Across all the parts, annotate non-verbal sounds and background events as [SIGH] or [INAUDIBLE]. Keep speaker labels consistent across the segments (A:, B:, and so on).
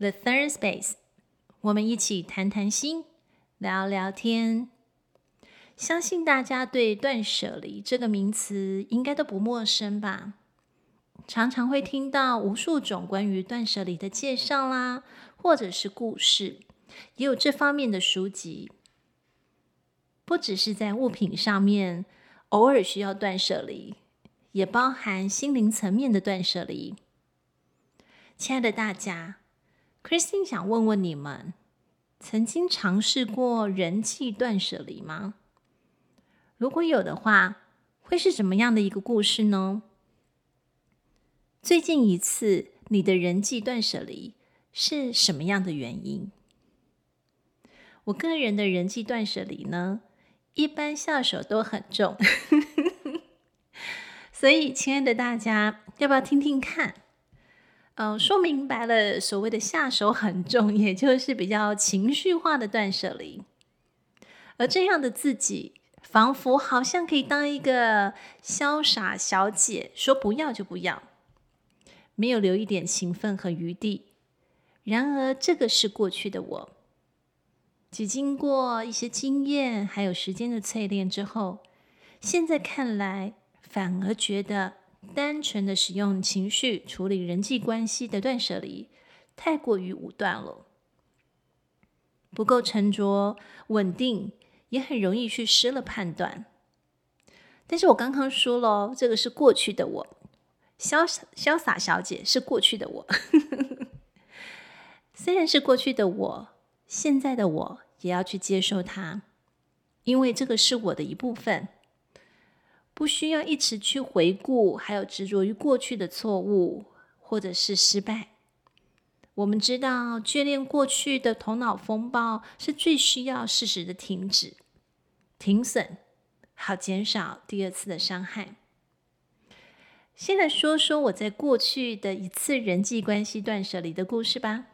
A: The third space，我們一起談談心，聊聊天。相信大家對“斷捨離”這個名詞應該都不陌生吧？常常會聽到無數種關於斷捨離的介紹啦，或者是故事，也有這方面的書籍。不只是在物品上面，偶爾需要斷捨離，也包含心靈層面的斷捨離。親愛的大家。Christine 想問問你們，曾經嘗試過人際斷捨離嗎？如果有的話，會是什麼樣的一個故事呢？最近一次你的人際斷捨離是什麼樣的原因？我個人的人際斷捨離呢，一般下手都很重， [LAUGHS] 所以親愛的大家，要不要聽聽看？嗯，說明白了，所謂的下手很重，也就是比較情緒化的斷舍離，而這樣的自己，仿佛好像可以當一個瀟灑小姐，說不要就不要，沒有留一點情分和餘地。然而，這個是過去的我，只經過一些經驗還有時間的淬煉之後，現在看來反而覺得。單純的使用情緒處理人際關係的斷舍離，太過於武斷了，不夠沉着穩定，也很容易去失了判斷。但是我剛剛說了哦，這個是過去的我，瀟瀟灑小姐是過去的我。 [LAUGHS] 雖然是過去的我，現在的我也要去接受它，因為這個是我的一部分。不需要一直去回顧，還有執着於過去的錯誤或者是失敗。我們知道，眷戀過去的頭腦風暴是最需要適時的停止、停損，好減少第二次的傷害。先來說說我在過去的一次人際關係斷捨離的故事吧。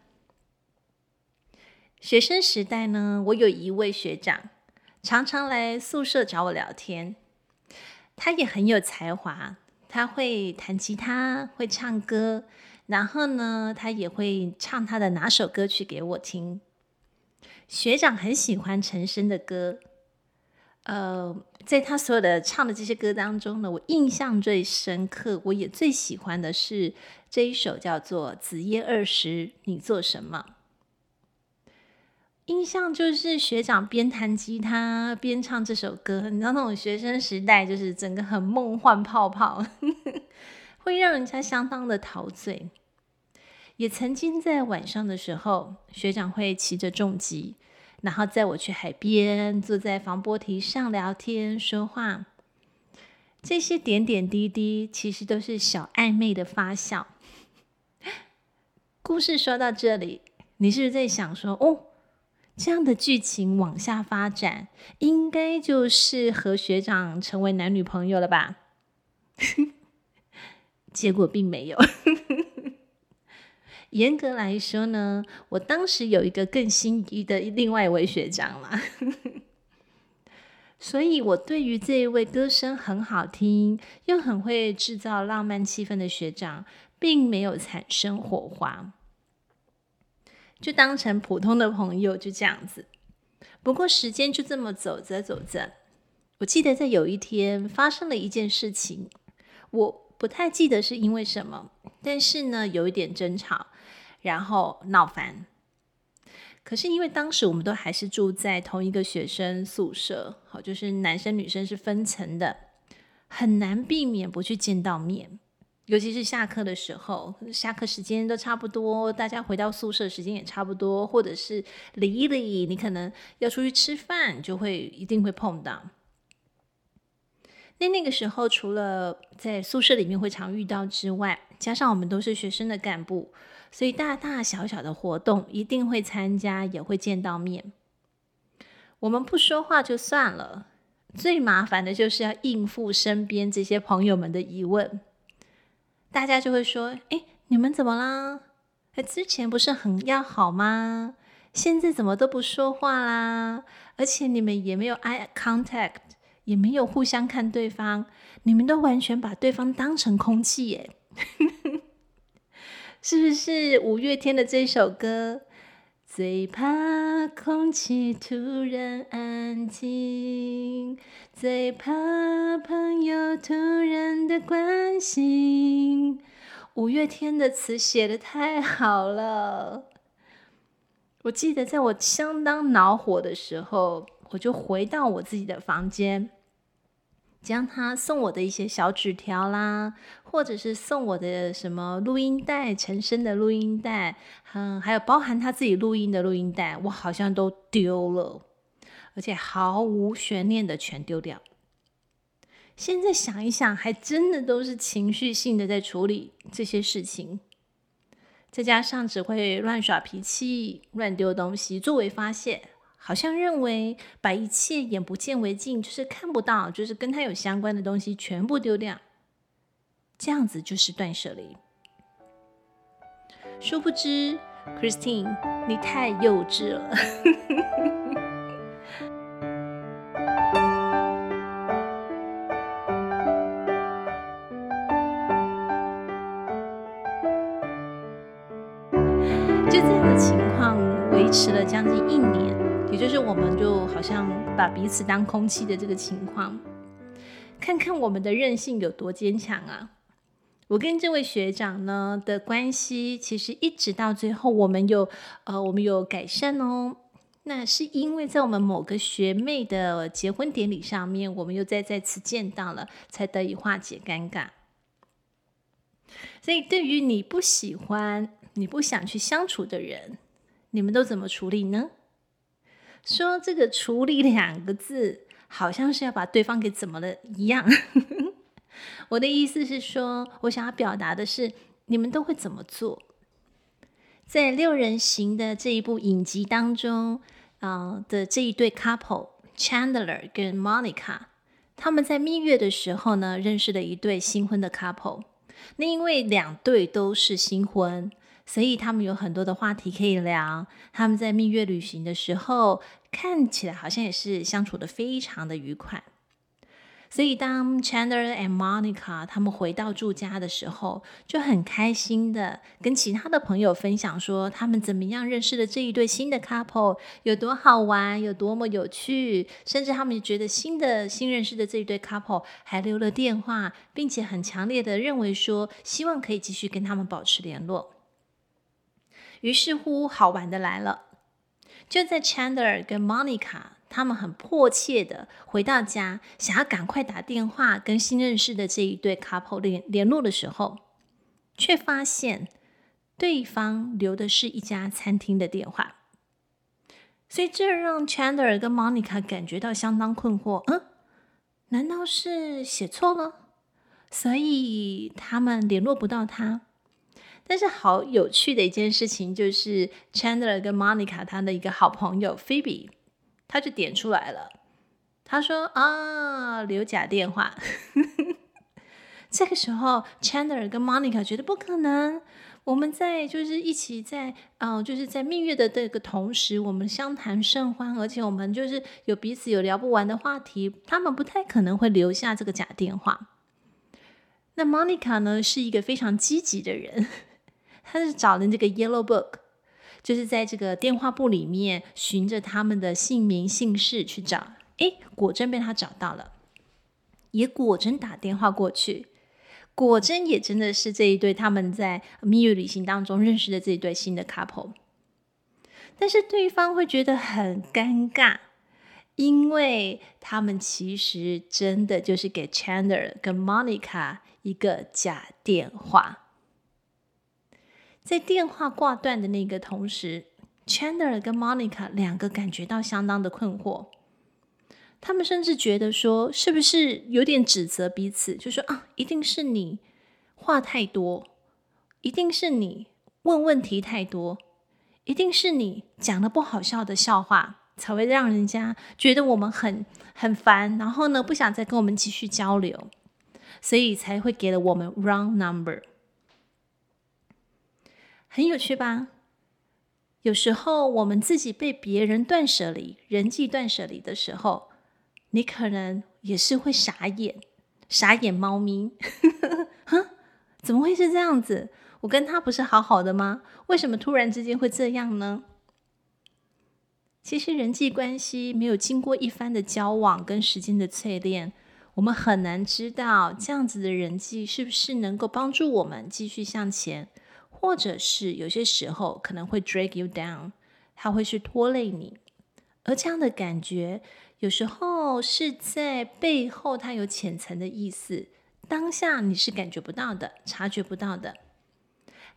A: 學生時代呢，我有一位學長，常常來宿舍找我聊天，他也很有才華，他會彈吉他，會唱歌，然後呢，他也會唱他的哪首歌曲給我聽。學長很喜歡陳昇的歌，呃，在他所有的唱的這些歌當中呢，我印象最深刻，我也最喜歡的是這一首叫做《子夜二時，你做什麼》？印象就是學長邊彈吉他邊唱這首歌，你知道那種學生時代就是整個很夢幻泡泡呵呵，會讓人家相當的陶醉。也曾經在晚上的時候，學長會騎着重機，然後載我去海邊，坐在防波堤上聊天說話。這些點點滴滴，其實都是小曖昧的發酵。故事說到這裡，你是不是在想說哦？這樣的劇情往下發展，應該就是和學長成為男女朋友了吧？ [LAUGHS] 結果並沒有。 [LAUGHS] 嚴格來說呢，我當時有一個更心儀的另外一位學長了， [LAUGHS] 所以我對於這一位歌聲很好聽又很會製造浪漫氣氛的學長，並沒有產生火花。就當成普通的朋友，就這樣子。不過時間就這麼走着走着，我記得在有一天發生了一件事情，我不太記得是因為什麼，但是呢有一點爭吵，然後鬧翻。可是因為當時我們都還是住在同一個學生宿舍，好，就是男生女生是分層的，很難避免不去見到面。尤其是下課的時候，下課時間都差不多，大家回到宿舍時間也差不多，或者是離離，你可能要出去吃飯，就會一定會碰到。那那個時候，除了在宿舍裡面會常遇到之外，加上我們都是學生的幹部，所以大大小小的活動一定會參加，也會見到面。我們不說話就算了，最麻煩的就是要應付身邊這些朋友們的疑問。大家就會說：“哎、欸，你們怎麼啦？之前不是很要好嗎？現在怎麼都不說話啦？而且你們也沒有 eye contact，也沒有互相看對方，你們都完全把對方當成空氣耶， [LAUGHS] 是不是五月天的這首歌？”最怕空氣突然安靜，最怕朋友突然的關心。五月天的詞寫的太好了。我記得在我相當惱火的時候，我就回到我自己的房間。將他送我的一些小紙條啦，或者是送我的什麼錄音帶，陳昇的錄音帶，嗯，還有包含他自己錄音的錄音帶，我好像都丟了，而且毫無懸念的全丟掉。現在想一想，還真的都是情緒性的在處理這些事情，再加上只會亂耍脾氣、亂丟東西作為發洩。好像認為把一切眼不見為淨，就是看不到，就是跟他有相關的東西全部丟掉，這樣子就是斷捨離。殊不知，Christine，你太幼稚了。 [LAUGHS] 就這樣的情況維持了將近一年。也就是我們就好像把彼此當空氣的這個情況，看看我們的韌性有多堅強啊！我跟這位學長呢的關係，其實一直到最後，我們有呃，我們有改善哦。那是因為在我們某個學妹的結婚典禮上面，我們又再再次見到了，才得以化解尷尬。所以，對於你不喜歡、你不想去相處的人，你們都怎麼處理呢？說這個“處理”兩個字，好像是要把對方給怎麼了一樣。 [LAUGHS] 我的意思是說，我想要表達的是，你們都會怎麼做？在《六人行》的這一部影集當中，啊、呃、的這一對 couple Chandler 跟 Monica，他們在蜜月的時候呢，認識了一對新婚的 couple。那因為兩對都是新婚。所以他們有很多的話題可以聊。他們在蜜月旅行的時候，看起來好像也是相處的非常的愉快。所以當 Chandler and Monica 他們回到住家的時候，就很開心的跟其他的朋友分享說，他們怎麼樣認識的這一對新的 couple，有多好玩，有多麼有趣，甚至他們覺得新的新認識的這一對 couple 還留了電話，並且很強烈的認為說，希望可以繼續跟他們保持聯絡。於是乎，好玩的來了。就在 Chandler 跟 Monica 他們很迫切的回到家，想要趕快打電話跟新認識的這一對 couple 聯聯絡的時候，卻發現對方留的是一家餐廳的電話。所以這讓 Chandler 跟 Monica 感覺到相當困惑。嗯，難道是寫錯了？所以他們聯絡不到他。但是好有趣的一件事情就是，Chandler 跟 Monica 他的一個好朋友 Phoebe，他就點出來了。他說：“啊，留假電話。 [LAUGHS] ”這個時候，Chandler 跟 Monica 覺得不可能。我們在就是一起在，嗯、呃，就是在蜜月的這個同時，我們相談甚歡，而且我們就是有彼此有聊不完的話題。他們不太可能會留下這個假電話。那 Monica 呢，是一個非常積極的人。他是找了這個 Yellow Book，就是在這個電話簿裡面尋着他們的姓名姓氏去找。哎，果真被他找到了，也果真打電話過去，果真也真的是這一對他們在蜜月旅行當中認識的這一對新的 couple。但是對方會覺得很尷尬，因為他們其實真的就是給 Chandler 跟 Monica 一個假電話。在電話掛斷的那個同時，Chandler 跟 Monica 兩個感覺到相當的困惑，他們甚至覺得說，是不是有點指責彼此？就是說，啊，一定是你話太多，一定是你問問題太多，一定是你講了不好笑的笑話，才會讓人家覺得我們很很煩，然後呢，不想再跟我們繼續交流，所以才會給了我們 wrong number。很有趣吧？有時候我們自己被別人斷捨離，人際斷捨離的時候，你可能也是會傻眼，傻眼貓咪，哼、 [LAUGHS] 啊，怎麼會是這樣子？我跟他不是好好的嗎？為什麼突然之間會這樣呢？其實人際關係沒有經過一番的交往跟時間的淬煉，我們很難知道這樣子的人際是不是能夠幫助我們繼續向前。或者是有些時候可能會 drag you down，他會去拖累你，而這樣的感覺有時候是在背後，它有淺層的意思，當下你是感覺不到的，察覺不到的。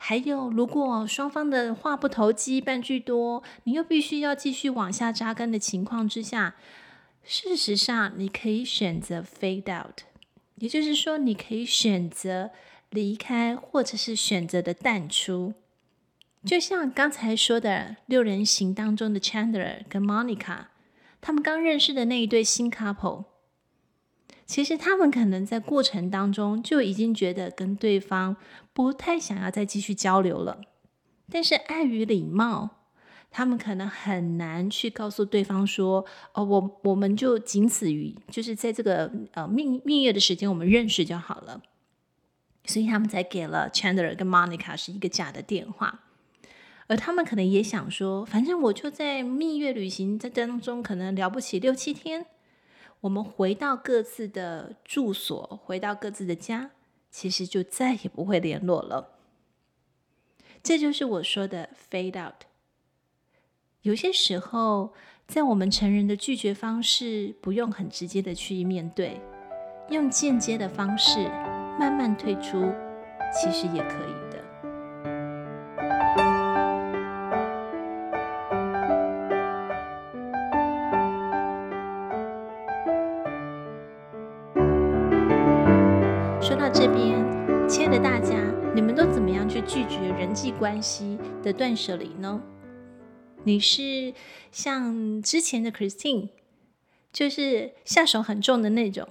A: 還有，如果雙方的話不投機半句多，你又必須要繼續往下扎根的情況之下，事實上你可以選擇 fade out，也就是說你可以選擇。離開或者是選擇的淡出，就像剛才說的六人行當中的 Chandler 跟 Monica，他們剛認識的那一對新 couple，其實他們可能在過程當中就已經覺得跟對方不太想要再繼續交流了，但是礙於禮貌，他們可能很難去告訴對方說：“哦，我我們就僅此於就是在這個呃蜜蜜月的時間，我們認識就好了。”所以他們才給了 Chandler 跟 Monica 是一個假的電話，而他們可能也想說，反正我就在蜜月旅行在當中，可能聊不起六七天，我們回到各自的住所，回到各自的家，其實就再也不會聯絡了。這就是我說的 fade out。有些時候，在我們成人的拒絕方式，不用很直接的去面對，用間接的方式。慢慢退出，其實也可以的。說到這邊，親愛的大家，你們都怎麼樣去拒絕人際關係的斷捨離呢？你是像之前的 Christine，就是下手很重的那種？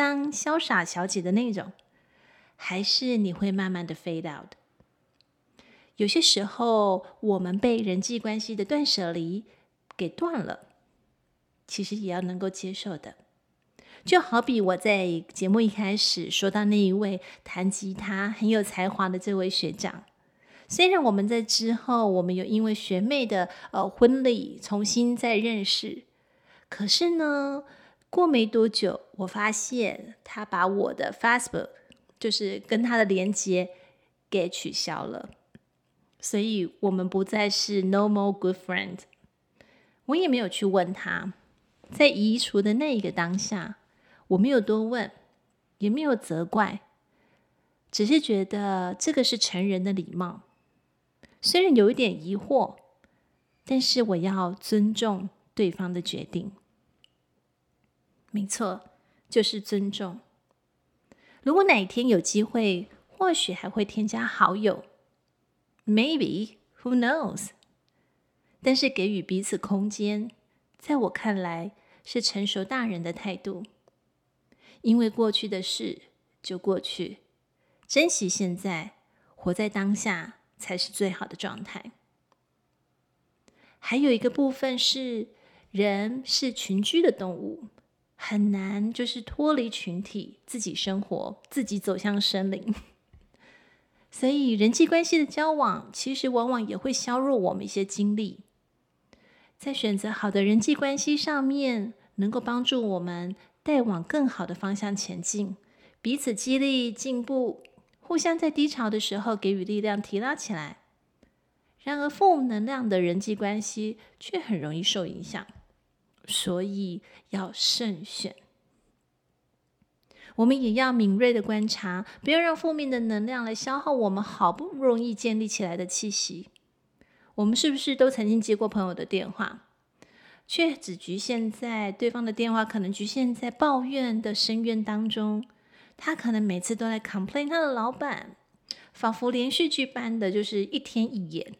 A: 當瀟灑小姐的那種，還是你會慢慢的 fade out 的。有些時候，我們被人際關係的斷捨離給斷了，其實也要能夠接受的。就好比我在節目一開始說到那一位彈吉他很有才華的這位學長，雖然我們在之後我們有因為學妹的呃婚禮重新再認識，可是呢，過沒多久，我發現他把我的 Facebook 就是跟他的連接給取消了，所以我們不再是 No More Good Friend。我也沒有去問他，在移除的那一個當下，我沒有多問，也沒有責怪，只是覺得這個是成人的禮貌。雖然有一點疑惑，但是我要尊重對方的決定。沒錯，就是尊重。如果哪一天有機會，或許還會添加好友，maybe, who knows。但是給予彼此空間，在我看來是成熟大人的態度。因為過去的事就過去，珍惜現在，活在當下才是最好的狀態。還有一個部分是，人是群居的動物。很難就是脫離群體，自己生活，自己走向生靈。所以人際關係的交往，其實往往也會削弱我們一些精力。在選擇好的人際關係上面，能夠幫助我們帶往更好的方向前進，彼此激勵進步，互相在低潮的時候給予力量，提拉起來。然而，負能量的人際關係卻很容易受影響。所以要慎選，我們也要敏銳的觀察，不要讓負面的能量來消耗我們好不容易建立起來的氣息。我們是不是都曾經接過朋友的電話，卻只局限在對方的電話，可能局限在抱怨的深淵當中？他可能每次都在 complain 他的老闆，仿佛連續劇般的，就是一天一演，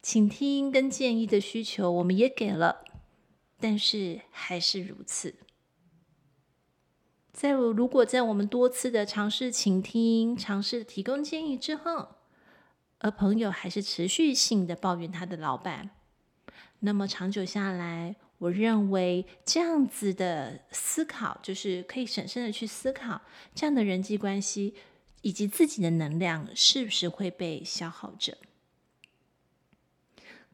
A: 請聽跟建議的需求，我們也給了。但是還是如此。在我，如果在我們多次的嘗試傾聽、嘗試提供建議之後，而朋友還是持續性的抱怨他的老闆，那麼長久下來，我認為這樣子的思考，就是可以審慎的去思考，這樣的人際關係以及自己的能量是不是會被消耗着。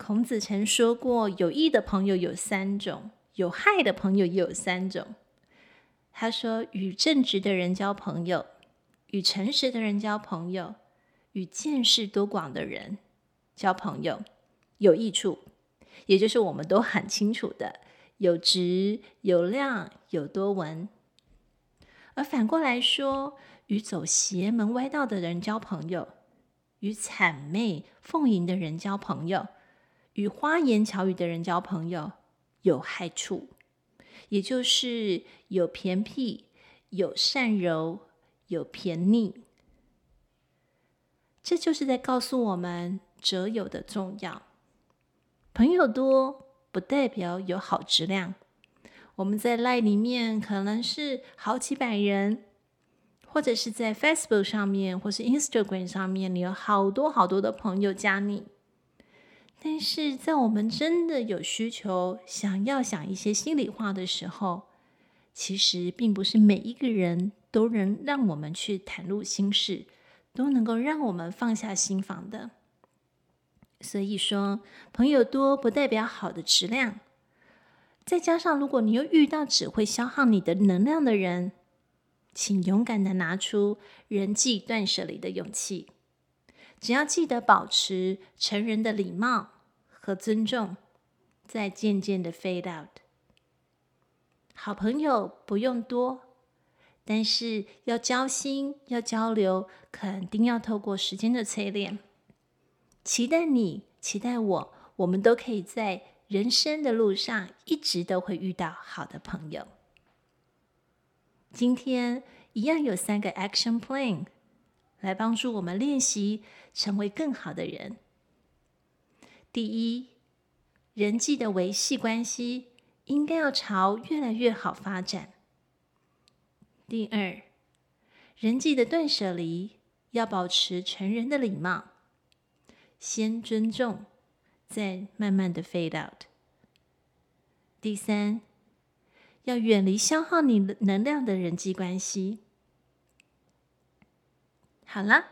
A: 孔子曾說過：“有益的朋友有三種，有害的朋友也有三種。”他說：“與正直的人交朋友，與誠實的人交朋友，與見識多廣的人交朋友，有益處，也就是我們都很清楚的，友直、友諒、友多聞。”而反過來說，與走邪門歪道的人交朋友，與諂媚奉迎的人交朋友。與花言巧語的人交朋友，有害處，也就是友便辟、友善柔、友便佞。這就是在告訴我們擇友的重要。朋友多不代表有好質量。我們在 LINE 裡面可能是好幾百人，或者是在 Facebook 上面，或是 Instagram 上面，你有好多好多的朋友加你。但是在我們真的有需求想要想一些心裡話的時候，其實並不是每一個人都能讓我們去袒露心事，都能夠讓我們放下心防的。所以說，朋友多不代表好的質量。再加上，如果你又遇到只會消耗你的能量的人，請勇敢的拿出人際斷捨離的勇氣。只要記得保持成人的禮貌。和尊重，再漸漸的 fade out。好朋友不用多，但是要交心，要交流，肯定要透過時間的淬煉。期待你，期待我，我們都可以在人生的路上一直都會遇到好的朋友。今天一樣有三個 action plan 來幫助我們練習成為更好的人。第一，人際的維繫關係應該要朝越來越好發展。第二，人際的斷捨離要保持成人的禮貌，先尊重，再慢慢的 fade out。第三，要遠離消耗你能量的人際關係。好了，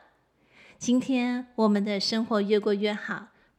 A: 今天我們的生活越過越好，